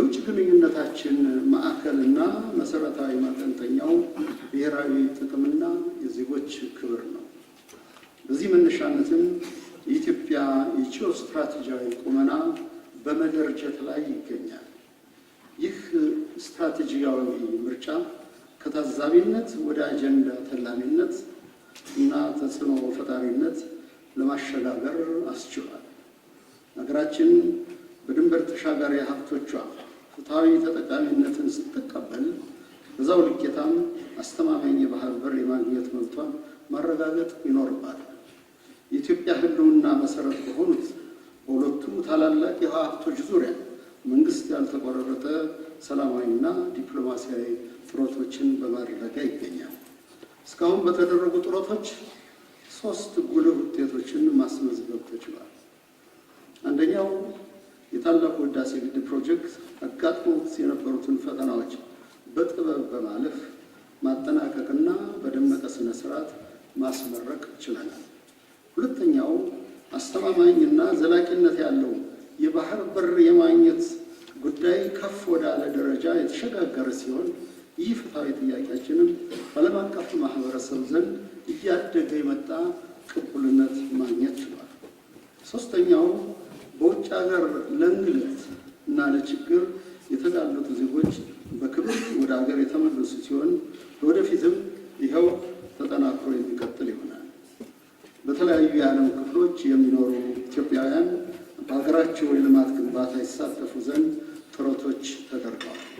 የውጭ ግንኙነታችን ማዕከልና መሰረታዊ ማጠንጠኛው ብሔራዊ ጥቅምና የዜጎች ክብር ነው። በዚህ መነሻነትም የኢትዮጵያ የጂኦ ስትራቴጂያዊ ቁመና በመደርጀት ላይ ይገኛል። ይህ ስትራቴጂያዊ ምርጫ ከታዛቢነት ወደ አጀንዳ ተላሚነት እና ተጽዕኖ ፈጣሪነት ለማሸጋገር አስችሏል። ሀገራችን በድንበር ተሻጋሪ ሀብቶቿ ፍትሐዊ ተጠቃሚነትን ስትቀበል በዛው ልኬታም አስተማማኝ የባህር በር የማግኘት መብቷን ማረጋገጥ ይኖርባታል። የኢትዮጵያ ሕልውና መሰረት በሆኑት በሁለቱ ታላላቅ የውሃ ሀብቶች ዙሪያ መንግስት ያልተቆራረጠ ሰላማዊና ዲፕሎማሲያዊ ጥረቶችን በማድረግ ይገኛል። እስካሁን በተደረጉ ጥረቶች ሶስት ጉልህ ውጤቶችን ማስመዝገብ ተችሏል። አንደኛው የታላቁ ህዳሴ ግድብ ፕሮጀክት አጋጥሞት የነበሩትን ፈተናዎች በጥበብ በማለፍ ማጠናቀቅና በደመቀ ስነ ስርዓት ማስመረቅ ችለናል። ሁለተኛው አስተማማኝና ዘላቂነት ያለው የባህር በር የማግኘት ጉዳይ ከፍ ወዳለ ደረጃ የተሸጋገረ ሲሆን ይህ ፍትሐዊ ጥያቄያችንም በዓለም አቀፍ ማህበረሰብ ዘንድ እያደገ የመጣ ቅቡልነት ማግኘት ችሏል። ሶስተኛው በውጭ ሀገር ለእንግልት እና ለችግር የተጋለጡ ዜጎች በክብር ወደ ሀገር የተመለሱ ሲሆን ለወደፊትም ይኸው ተጠናክሮ የሚቀጥል ይሆናል። በተለያዩ የዓለም ክፍሎች የሚኖሩ ኢትዮጵያውያን በሀገራቸው የልማት ግንባታ ይሳተፉ ዘንድ ጥረቶች ተደርገዋል።